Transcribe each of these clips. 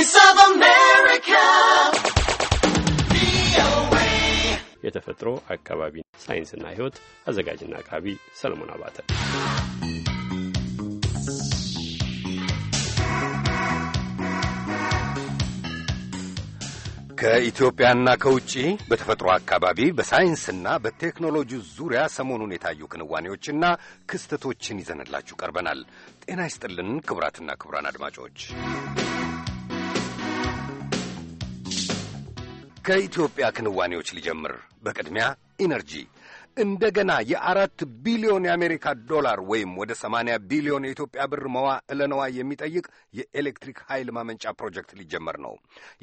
Voice of America. የተፈጥሮ አካባቢ ሳይንስና ሕይወት አዘጋጅና አቅራቢ ሰለሞን አባተ። ከኢትዮጵያና ከውጪ በተፈጥሮ አካባቢ በሳይንስና በቴክኖሎጂ ዙሪያ ሰሞኑን የታዩ ክንዋኔዎችና ክስተቶችን ይዘንላችሁ ቀርበናል። ጤና ይስጥልን ክቡራትና ክቡራን አድማጮች ከኢትዮጵያ ክንዋኔዎች ሊጀምር በቅድሚያ ኢነርጂ እንደገና የአራት ቢሊዮን የአሜሪካ ዶላር ወይም ወደ ሰማንያ ቢሊዮን የኢትዮጵያ ብር መዋዕለ ንዋይ የሚጠይቅ የኤሌክትሪክ ኃይል ማመንጫ ፕሮጀክት ሊጀመር ነው።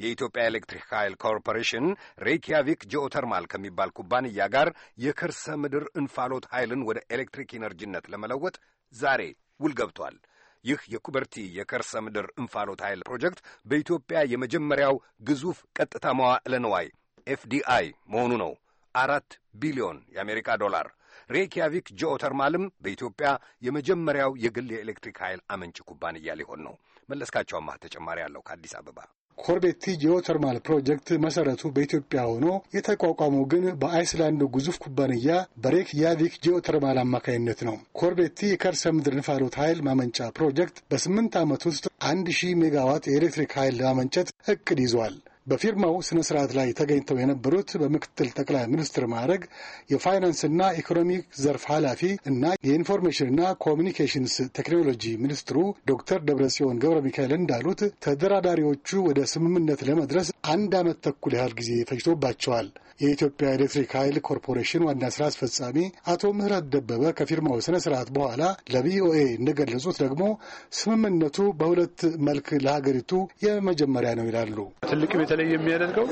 የኢትዮጵያ ኤሌክትሪክ ኃይል ኮርፖሬሽን ሬኪያቪክ ጂኦተርማል ከሚባል ኩባንያ ጋር የከርሰ ምድር እንፋሎት ኃይልን ወደ ኤሌክትሪክ ኢነርጂነት ለመለወጥ ዛሬ ውል ገብቷል። ይህ የኩበርቲ የከርሰ ምድር እንፋሎት ኃይል ፕሮጀክት በኢትዮጵያ የመጀመሪያው ግዙፍ ቀጥታ መዋዕለ ንዋይ ኤፍዲአይ መሆኑ ነው። አራት ቢሊዮን የአሜሪካ ዶላር። ሬኪያቪክ ጂኦተርማልም በኢትዮጵያ የመጀመሪያው የግል የኤሌክትሪክ ኃይል አመንጭ ኩባንያ ሊሆን ነው። መለስካቸው አማህ ተጨማሪ አለው ከአዲስ አበባ ኮርቤቲ ጂኦተርማል ፕሮጀክት መሰረቱ በኢትዮጵያ ሆኖ የተቋቋመው ግን በአይስላንዱ ግዙፍ ኩባንያ በሬክ ያቪክ ጂኦተርማል አማካኝነት ነው። ኮርቤቲ የከርሰ ምድር ንፋሎት ኃይል ማመንጫ ፕሮጀክት በስምንት ዓመት ውስጥ አንድ ሺህ ሜጋዋት የኤሌክትሪክ ኃይል ለማመንጨት እቅድ ይዟል። በፊርማው ስነ ስርዓት ላይ ተገኝተው የነበሩት በምክትል ጠቅላይ ሚኒስትር ማዕረግ የፋይናንስና ኢኮኖሚክ ዘርፍ ኃላፊ እና የኢንፎርሜሽንና ኮሚኒኬሽንስ ቴክኖሎጂ ሚኒስትሩ ዶክተር ደብረጽዮን ገብረ ሚካኤል እንዳሉት ተደራዳሪዎቹ ወደ ስምምነት ለመድረስ አንድ ዓመት ተኩል ያህል ጊዜ ፈጅቶባቸዋል። የኢትዮጵያ ኤሌክትሪክ ኃይል ኮርፖሬሽን ዋና ስራ አስፈጻሚ አቶ ምህረት ደበበ ከፊርማው ስነ ስርዓት በኋላ ለቪኦኤ እንደገለጹት ደግሞ ስምምነቱ በሁለት መልክ ለሀገሪቱ የመጀመሪያ ነው ይላሉ። ትልቅም የተለየ የሚያደርገው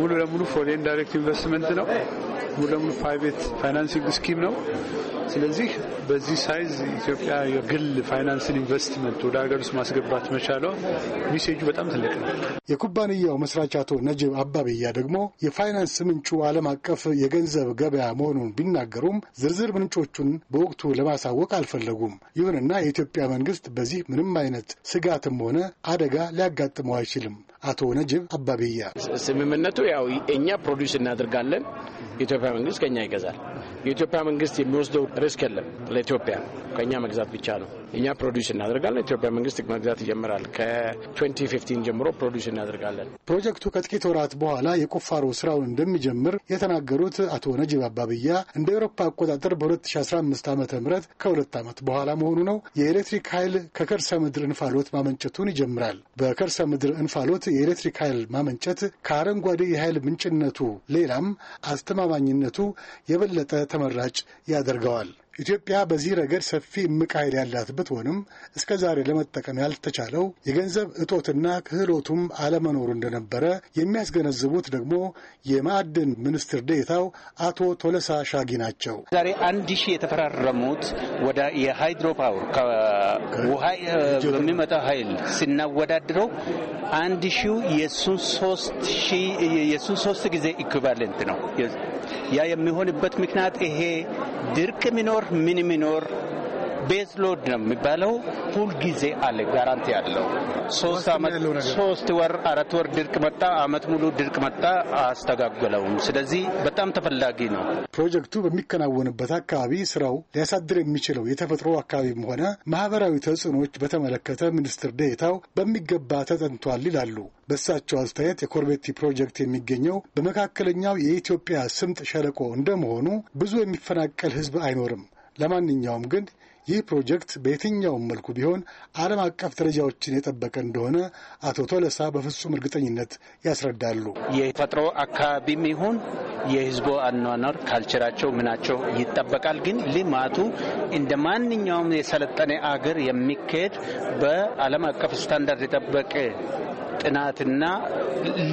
ሙሉ ለሙሉ ፎሬን ዳይሬክት ኢንቨስትመንት ነው። ሙሉ ለሙሉ ፕራይቬት ፋይናንሲንግ ስኪም ነው። ስለዚህ በዚህ ሳይዝ ኢትዮጵያ የግል ፋይናንስን ኢንቨስትመንት ወደ ሀገር ውስጥ ማስገባት መቻሏ ሚሴጁ በጣም ትልቅ ነው። የኩባንያው መስራች አቶ ነጅብ አባብያ ደግሞ የፋይናንስ ምንጩ ዓለም አቀፍ የገንዘብ ገበያ መሆኑን ቢናገሩም ዝርዝር ምንጮቹን በወቅቱ ለማሳወቅ አልፈለጉም። ይሁንና የኢትዮጵያ መንግስት በዚህ ምንም አይነት ስጋትም ሆነ አደጋ ሊያጋጥመው አይችልም አቶ ነጅብ አባብያ ስምምነቱ ያው እኛ ፕሮዲውስ እናደርጋለን፣ የኢትዮጵያ መንግስት ከኛ ይገዛል። የኢትዮጵያ መንግስት የሚወስደው ሪስክ የለም። ለኢትዮጵያ ከኛ መግዛት ብቻ ነው። እኛ ፕሮዲውስ እናደርጋለን፣ ኢትዮጵያ መንግስት መግዛት ይጀምራል። ከ2015 ጀምሮ ፕሮዲውስ እናደርጋለን። ፕሮጀክቱ ከጥቂት ወራት በኋላ የቁፋሮ ስራውን እንደሚጀምር የተናገሩት አቶ ነጅብ አባብያ እንደ ኤሮፓ አቆጣጠር በ2015 ዓ ም ከሁለት ዓመት በኋላ መሆኑ ነው የኤሌክትሪክ ኃይል ከከርሰ ምድር እንፋሎት ማመንጨቱን ይጀምራል። በከርሰ ምድር እንፋሎት የኤሌክትሪክ ኃይል ማመንጨት ከአረንጓዴ የኃይል ምንጭነቱ ሌላም አስተማማኝነቱ የበለጠ ተመራጭ ያደርገዋል። ኢትዮጵያ በዚህ ረገድ ሰፊ እምቅ ኃይል ያላት ብትሆንም እስከ ዛሬ ለመጠቀም ያልተቻለው የገንዘብ እጦትና ክህሎቱም አለመኖሩ እንደነበረ የሚያስገነዝቡት ደግሞ የማዕድን ሚኒስትር ዴታው አቶ ቶለሳ ሻጊ ናቸው። ዛሬ አንድ ሺህ የተፈራረሙት ወደ የሃይድሮ ፓወር ከውሃ በሚመጣው ኃይል ሲናወዳድረው አንድ ሺው የእሱን ሶስት ጊዜ ኢኩቫሌንት ነው። ያ የሚሆንበት ምክንያት ይሄ Dirke minor, mini minor, ቤዝ ሎድ ነው የሚባለው። ሁልጊዜ አለ ጋራንቲ አለው። ሶስት ወር አራት ወር ድርቅ መጣ፣ አመት ሙሉ ድርቅ መጣ፣ አስተጋገለውም። ስለዚህ በጣም ተፈላጊ ነው። ፕሮጀክቱ በሚከናወንበት አካባቢ ስራው ሊያሳድር የሚችለው የተፈጥሮ አካባቢም ሆነ ማህበራዊ ተጽዕኖዎች በተመለከተ ሚኒስትር ዴኤታው በሚገባ ተጠንቷል ይላሉ። በእሳቸው አስተያየት የኮርቤቲ ፕሮጀክት የሚገኘው በመካከለኛው የኢትዮጵያ ስምጥ ሸለቆ እንደመሆኑ ብዙ የሚፈናቀል ህዝብ አይኖርም። ለማንኛውም ግን ይህ ፕሮጀክት በየትኛውም መልኩ ቢሆን ዓለም አቀፍ ደረጃዎችን የጠበቀ እንደሆነ አቶ ቶለሳ በፍጹም እርግጠኝነት ያስረዳሉ። የተፈጥሮ አካባቢም ይሁን የህዝቡ አኗኗር ካልቸራቸው ምናቸው ይጠበቃል። ግን ልማቱ እንደ ማንኛውም የሰለጠነ አገር የሚካሄድ በዓለም አቀፍ ስታንዳርድ የጠበቀ ጥናትና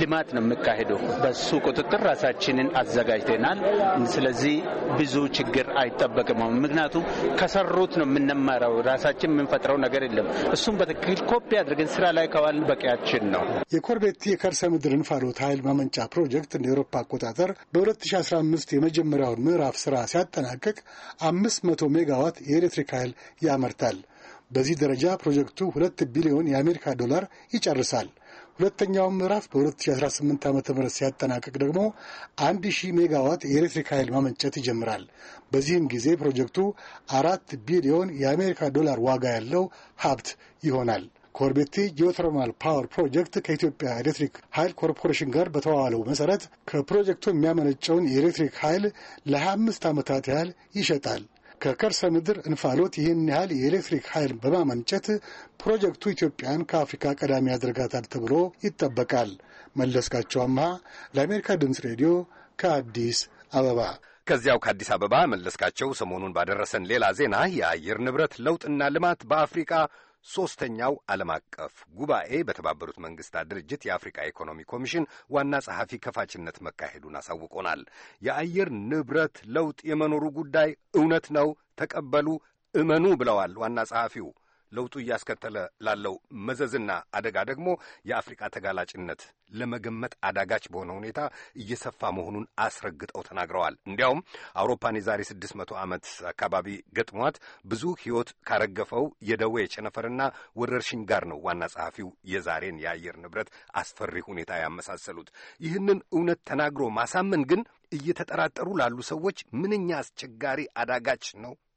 ልማት ነው የሚካሄደው። በሱ ቁጥጥር ራሳችንን አዘጋጅተናል። ስለዚህ ብዙ ችግር አይጠበቅም። ምክንያቱም ከሰሩት ነው የምንማረው። ራሳችን የምንፈጥረው ነገር የለም። እሱም በትክክል ኮፒ አድርገን ስራ ላይ ከዋልን በቂያችን ነው። የኮርቤቲ የከርሰ ምድር እንፋሎት ኃይል ማመንጫ ፕሮጀክት እንደ ኤሮፓ አቆጣጠር በ2015 የመጀመሪያውን ምዕራፍ ስራ ሲያጠናቅቅ 500 ሜጋዋት የኤሌክትሪክ ኃይል ያመርታል። በዚህ ደረጃ ፕሮጀክቱ ሁለት ቢሊዮን የአሜሪካ ዶላር ይጨርሳል። ሁለተኛው ምዕራፍ በ2018 ዓ ም ሲያጠናቀቅ ደግሞ 1000 ሜጋዋት የኤሌክትሪክ ኃይል ማመንጨት ይጀምራል። በዚህም ጊዜ ፕሮጀክቱ አራት ቢሊዮን የአሜሪካ ዶላር ዋጋ ያለው ሀብት ይሆናል። ኮርቤቲ ጂኦተርማል ፓወር ፕሮጀክት ከኢትዮጵያ ኤሌክትሪክ ኃይል ኮርፖሬሽን ጋር በተዋዋለው መሰረት ከፕሮጀክቱ የሚያመነጨውን የኤሌክትሪክ ኃይል ለ25 ዓመታት ያህል ይሸጣል። ከከርሰ ምድር እንፋሎት ይህን ያህል የኤሌክትሪክ ኃይል በማመንጨት ፕሮጀክቱ ኢትዮጵያን ከአፍሪካ ቀዳሚ ያደርጋታል ተብሎ ይጠበቃል። መለስካቸው አምሃ ለአሜሪካ ድምፅ ሬዲዮ ከአዲስ አበባ። ከዚያው ከአዲስ አበባ መለስካቸው ሰሞኑን ባደረሰን ሌላ ዜና የአየር ንብረት ለውጥና ልማት በአፍሪካ ሦስተኛው ዓለም አቀፍ ጉባኤ በተባበሩት መንግሥታት ድርጅት የአፍሪካ ኢኮኖሚ ኮሚሽን ዋና ጸሐፊ ከፋችነት መካሄዱን አሳውቆናል። የአየር ንብረት ለውጥ የመኖሩ ጉዳይ እውነት ነው፣ ተቀበሉ፣ እመኑ ብለዋል ዋና ጸሐፊው። ለውጡ እያስከተለ ላለው መዘዝና አደጋ ደግሞ የአፍሪቃ ተጋላጭነት ለመገመት አዳጋች በሆነ ሁኔታ እየሰፋ መሆኑን አስረግጠው ተናግረዋል። እንዲያውም አውሮፓን የዛሬ ስድስት መቶ ዓመት አካባቢ ገጥሟት ብዙ ሕይወት ካረገፈው የደዌ ቸነፈርና ወረርሽኝ ጋር ነው ዋና ጸሐፊው የዛሬን የአየር ንብረት አስፈሪ ሁኔታ ያመሳሰሉት። ይህንን እውነት ተናግሮ ማሳመን ግን እየተጠራጠሩ ላሉ ሰዎች ምንኛ አስቸጋሪ አዳጋች ነው።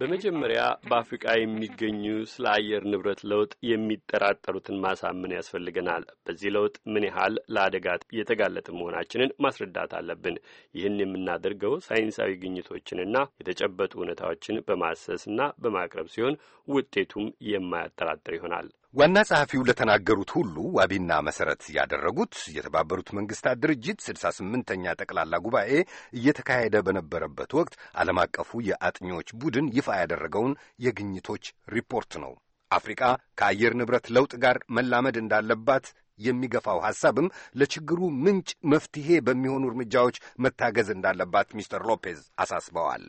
በመጀመሪያ በአፍሪቃ የሚገኙ ስለ አየር ንብረት ለውጥ የሚጠራጠሩትን ማሳመን ያስፈልገናል። በዚህ ለውጥ ምን ያህል ለአደጋ የተጋለጠ መሆናችንን ማስረዳት አለብን። ይህን የምናደርገው ሳይንሳዊ ግኝቶችንና የተጨበጡ እውነታዎችን በማሰስና በማቅረብ ሲሆን ውጤቱም የማያጠራጥር ይሆናል። ዋና ጸሐፊው ለተናገሩት ሁሉ ዋቢና መሠረት ያደረጉት የተባበሩት መንግስታት ድርጅት ስድሳ ስምንተኛ ጠቅላላ ጉባኤ እየተካሄደ በነበረበት ወቅት ዓለም አቀፉ የአጥኚዎች ቡድን ይፋ ያደረገውን የግኝቶች ሪፖርት ነው። አፍሪቃ ከአየር ንብረት ለውጥ ጋር መላመድ እንዳለባት የሚገፋው ሐሳብም ለችግሩ ምንጭ መፍትሄ በሚሆኑ እርምጃዎች መታገዝ እንዳለባት ሚስተር ሎፔዝ አሳስበዋል።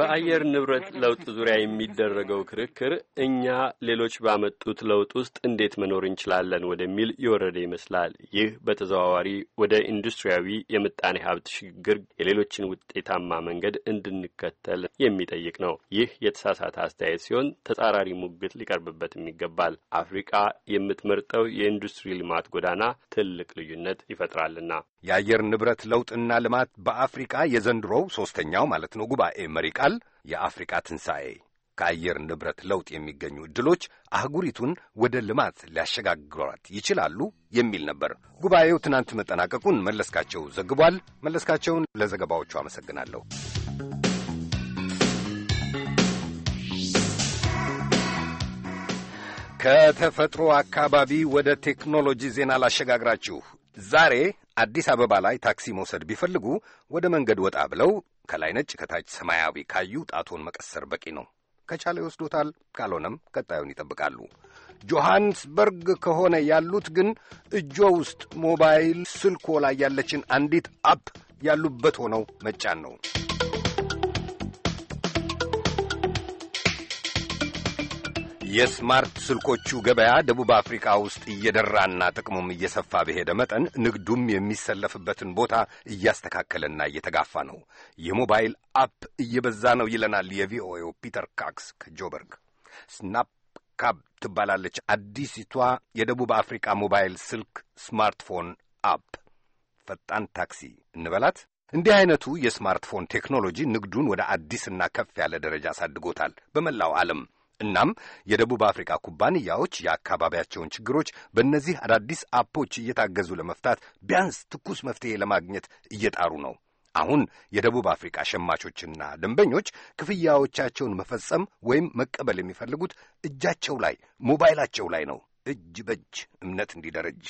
በአየር ንብረት ለውጥ ዙሪያ የሚደረገው ክርክር እኛ ሌሎች ባመጡት ለውጥ ውስጥ እንዴት መኖር እንችላለን ወደሚል የወረደ ይመስላል። ይህ በተዘዋዋሪ ወደ ኢንዱስትሪያዊ የምጣኔ ሀብት ሽግግር የሌሎችን ውጤታማ መንገድ እንድንከተል የሚጠይቅ ነው። ይህ የተሳሳተ አስተያየት ሲሆን ተጻራሪ ሙግት ሊቀርብበትም ይገባል። አፍሪቃ የምትመርጠው የኢንዱስትሪ ልማት ጎዳና ትልቅ ልዩነት ይፈጥራልና። የአየር ንብረት ለውጥና ልማት በአፍሪቃ የዘንድሮው ሦስተኛው ማለት ነው ጉባኤ መሪ ቃል የአፍሪቃ ትንሣኤ ከአየር ንብረት ለውጥ የሚገኙ እድሎች አህጉሪቱን ወደ ልማት ሊያሸጋግሯት ይችላሉ የሚል ነበር። ጉባኤው ትናንት መጠናቀቁን መለስካቸው ዘግቧል። መለስካቸውን ለዘገባዎቹ አመሰግናለሁ። ከተፈጥሮ አካባቢ ወደ ቴክኖሎጂ ዜና ላሸጋግራችሁ። ዛሬ አዲስ አበባ ላይ ታክሲ መውሰድ ቢፈልጉ ወደ መንገድ ወጣ ብለው ከላይ ነጭ ከታች ሰማያዊ ካዩ ጣቶን መቀሰር በቂ ነው። ከቻለ ይወስዶታል፣ ካልሆነም ቀጣዩን ይጠብቃሉ። ጆሐንስበርግ ከሆነ ያሉት ግን እጆ ውስጥ ሞባይል ስልኮ ላይ ያለችን አንዲት አፕ ያሉበት ሆነው መጫን ነው። የስማርት ስልኮቹ ገበያ ደቡብ አፍሪካ ውስጥ እየደራና ጥቅሙም እየሰፋ በሄደ መጠን ንግዱም የሚሰለፍበትን ቦታ እያስተካከለና እየተጋፋ ነው። የሞባይል አፕ እየበዛ ነው ይለናል የቪኦኤው ፒተር ካክስ ከጆበርግ። ስናፕ ካብ ትባላለች አዲሲቷ የደቡብ አፍሪካ ሞባይል ስልክ ስማርትፎን አፕ። ፈጣን ታክሲ እንበላት። እንዲህ አይነቱ የስማርትፎን ቴክኖሎጂ ንግዱን ወደ አዲስና ከፍ ያለ ደረጃ አሳድጎታል በመላው ዓለም እናም የደቡብ አፍሪካ ኩባንያዎች የአካባቢያቸውን ችግሮች በእነዚህ አዳዲስ አፖች እየታገዙ ለመፍታት ቢያንስ ትኩስ መፍትሄ ለማግኘት እየጣሩ ነው። አሁን የደቡብ አፍሪካ ሸማቾችና ደንበኞች ክፍያዎቻቸውን መፈጸም ወይም መቀበል የሚፈልጉት እጃቸው ላይ ሞባይላቸው ላይ ነው። እጅ በእጅ እምነት እንዲደረጅ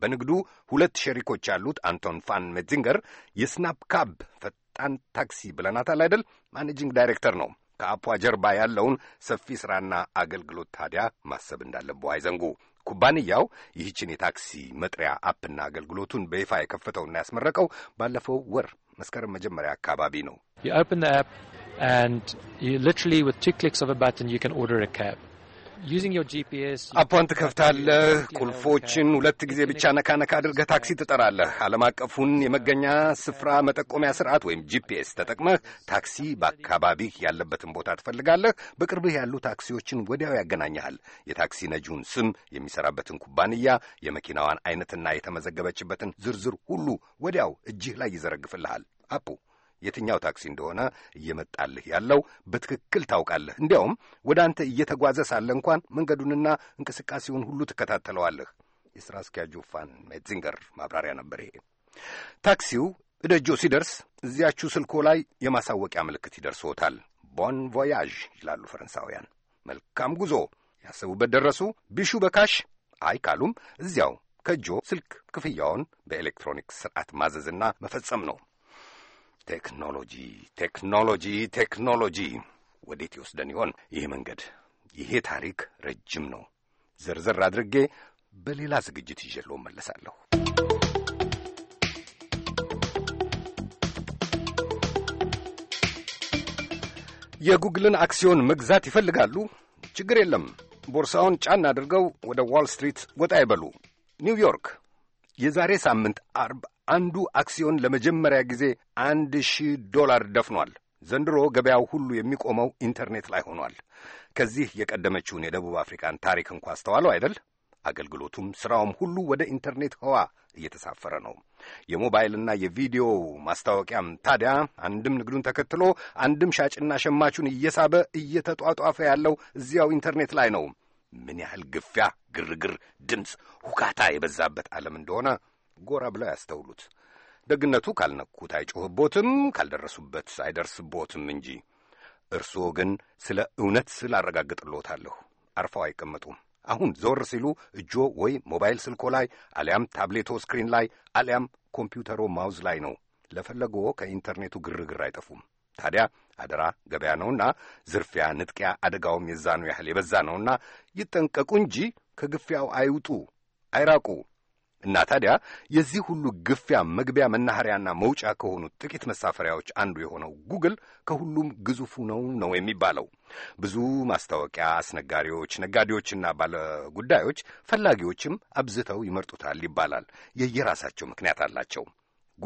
በንግዱ ሁለት ሸሪኮች ያሉት አንቶን ፋን ሜትዚንገር የስናፕ ካብ ፈጣን ታክሲ ብለናታል አይደል? ማኔጂንግ ዳይሬክተር ነው። ከአፖ ጀርባ ያለውን ሰፊ ሥራና አገልግሎት ታዲያ ማሰብ እንዳለበው አይዘንጉ። ኩባንያው ይህችን የታክሲ መጥሪያ አፕና አገልግሎቱን በይፋ የከፈተውና ያስመረቀው ባለፈው ወር መስከረም መጀመሪያ አካባቢ ነው። You open the app and you literally with two clicks of a button you can order a cab. አፑን ትከፍታለህ። ቁልፎችን ሁለት ጊዜ ብቻ ነካ አድርገህ ታክሲ ትጠራለህ። ዓለም አቀፉን የመገኛ ስፍራ መጠቆሚያ ስርዓት ወይም ጂፒኤስ ተጠቅመህ ታክሲ በአካባቢህ ያለበትን ቦታ ትፈልጋለህ። በቅርብህ ያሉ ታክሲዎችን ወዲያው ያገናኘሃል። የታክሲ ነጂውን ስም፣ የሚሰራበትን ኩባንያ፣ የመኪናዋን አይነትና የተመዘገበችበትን ዝርዝር ሁሉ ወዲያው እጅህ ላይ ይዘረግፍልሃል አፑ የትኛው ታክሲ እንደሆነ እየመጣልህ ያለው በትክክል ታውቃለህ። እንዲያውም ወደ አንተ እየተጓዘ ሳለ እንኳን መንገዱንና እንቅስቃሴውን ሁሉ ትከታተለዋለህ። የሥራ አስኪያጁ ፋን ሜትዚንገር ማብራሪያ ነበር ይሄ። ታክሲው እደጆ ሲደርስ እዚያችሁ ስልኮ ላይ የማሳወቂያ ምልክት ይደርስዎታል። ቦን ቮያዥ ይላሉ ፈረንሳውያን። መልካም ጉዞ፣ ያሰቡበት ደረሱ፣ ቢሹ በካሽ አይ ካሉም እዚያው ከእጆ ስልክ ክፍያውን በኤሌክትሮኒክስ ስርዓት ማዘዝና መፈጸም ነው። ቴክኖሎጂ ቴክኖሎጂ ቴክኖሎጂ ወዴት ይወስደን ይሆን ይህ መንገድ? ይሄ ታሪክ ረጅም ነው። ዝርዝር አድርጌ በሌላ ዝግጅት ይዤሎ መለሳለሁ። የጉግልን አክሲዮን መግዛት ይፈልጋሉ? ችግር የለም። ቦርሳውን ጫን አድርገው ወደ ዋል ስትሪት ወጣ ይበሉ። ኒውዮርክ የዛሬ ሳምንት አርብ አንዱ አክሲዮን ለመጀመሪያ ጊዜ አንድ ሺህ ዶላር ደፍኗል። ዘንድሮ ገበያው ሁሉ የሚቆመው ኢንተርኔት ላይ ሆኗል። ከዚህ የቀደመችውን የደቡብ አፍሪካን ታሪክ እንኳ አስተዋለው አይደል? አገልግሎቱም ስራውም ሁሉ ወደ ኢንተርኔት ህዋ እየተሳፈረ ነው። የሞባይልና የቪዲዮ ማስታወቂያም ታዲያ አንድም ንግዱን ተከትሎ አንድም ሻጭና ሸማቹን እየሳበ እየተጧጧፈ ያለው እዚያው ኢንተርኔት ላይ ነው። ምን ያህል ግፊያ፣ ግርግር፣ ድምፅ፣ ሁካታ የበዛበት ዓለም እንደሆነ ጎራ ብለው ያስተውሉት። ደግነቱ ካልነኩት አይጮህቦትም፣ ካልደረሱበት አይደርስቦትም እንጂ። እርስዎ ግን ስለ እውነት ስላረጋግጥልዎታለሁ አርፈው አይቀመጡም። አሁን ዞር ሲሉ እጆ ወይ ሞባይል ስልኮ ላይ አሊያም ታብሌቶ ስክሪን ላይ አሊያም ኮምፒውተሮ ማውዝ ላይ ነው። ለፈለጎ ከኢንተርኔቱ ግርግር አይጠፉም። ታዲያ አደራ ገበያ ነውና ዝርፊያ፣ ንጥቂያ፣ አደጋውም የዛኑ ያህል የበዛ ነውና ይጠንቀቁ እንጂ ከግፊያው አይውጡ፣ አይራቁ። እና ታዲያ የዚህ ሁሉ ግፊያ መግቢያ መናኸሪያና መውጫ ከሆኑ ጥቂት መሳፈሪያዎች አንዱ የሆነው ጉግል ከሁሉም ግዙፉ ነው ነው የሚባለው። ብዙ ማስታወቂያ አስነጋሪዎች፣ ነጋዴዎችና ባለጉዳዮች ፈላጊዎችም አብዝተው ይመርጡታል ይባላል። የየራሳቸው ምክንያት አላቸው።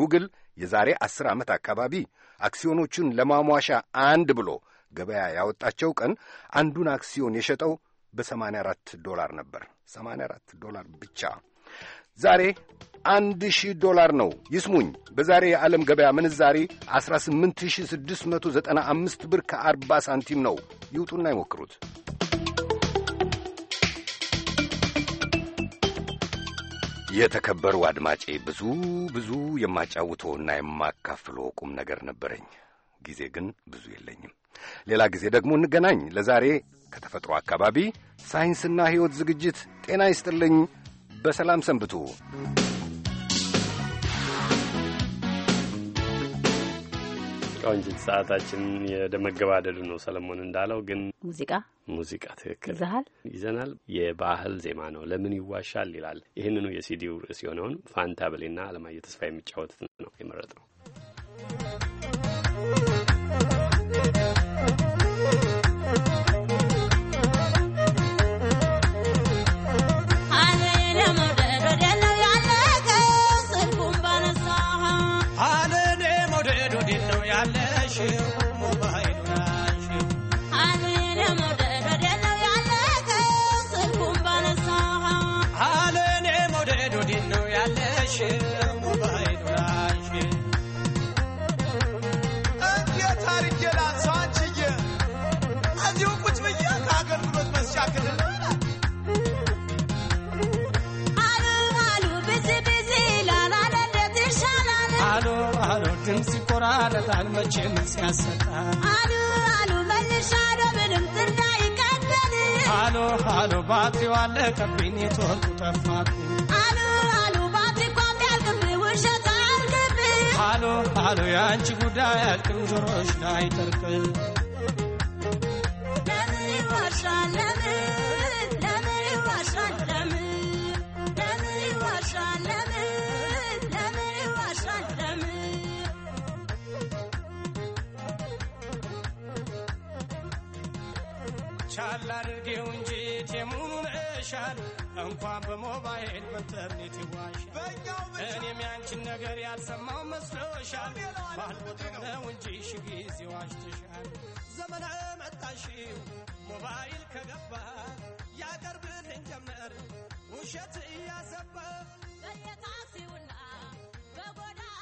ጉግል የዛሬ አስር ዓመት አካባቢ አክሲዮኖቹን ለማሟሻ አንድ ብሎ ገበያ ያወጣቸው ቀን አንዱን አክሲዮን የሸጠው በ84 ዶላር ነበር። 84 ዶላር ብቻ። ዛሬ አንድ ሺህ ዶላር ነው። ይስሙኝ፣ በዛሬ የዓለም ገበያ ምንዛሬ 18695 ብር ከ40 ሳንቲም ነው። ይውጡና ይሞክሩት። የተከበሩ አድማጬ፣ ብዙ ብዙ የማጫውተውና የማካፍለው ቁም ነገር ነበረኝ። ጊዜ ግን ብዙ የለኝም። ሌላ ጊዜ ደግሞ እንገናኝ። ለዛሬ ከተፈጥሮ አካባቢ ሳይንስና ሕይወት ዝግጅት ጤና ይስጥልኝ። በሰላም ሰንብቱ። ቆንጅት፣ ሰዓታችን የደመገባደዱ ነው። ሰለሞን እንዳለው ግን ሙዚቃ ሙዚቃ ትክክል ይዘሃል ይዘናል። የባህል ዜማ ነው ለምን ይዋሻል ይላል። ይህንኑ የሲዲው ርዕስ የሆነውን ፋንታ በሌና አለማየሁ ተስፋ የሚጫወቱት ነው የመረጥ ነው። ይቀጣል መቼም ሲያሰጣ አሉ አሉ መልሻዶ ምንም ትርዳ ይቀጥል አሉ አሉ ባትሪው አለቀብኝ ኔትወርኩ ጠፋብኝ አሉ አሉ ባትሪ እኮ ቢያልቅብ ውሸት አልቅብ አሉ አሉ የአንቺ ጉዳይ አልቅም ጆሮሽ ላይ ተርቅል ለምን ይዋሻል ለምን አላድርጌው እንጂ ቴሙኑን እሻል እንኳን በሞባይል በኢንተርኔት ይዋሻል። እኔም ያንቺን ነገር ያልሰማው መስሎሻል። ባልቦታው ነው እንጂ ሺ ጊዜ ዋሽተሻል። ዘመነ መጣሽው ሞባይል ከገባ ያቀርብልን ጀመር ውሸት እያሰባ! በየታክሲውና በጎዳ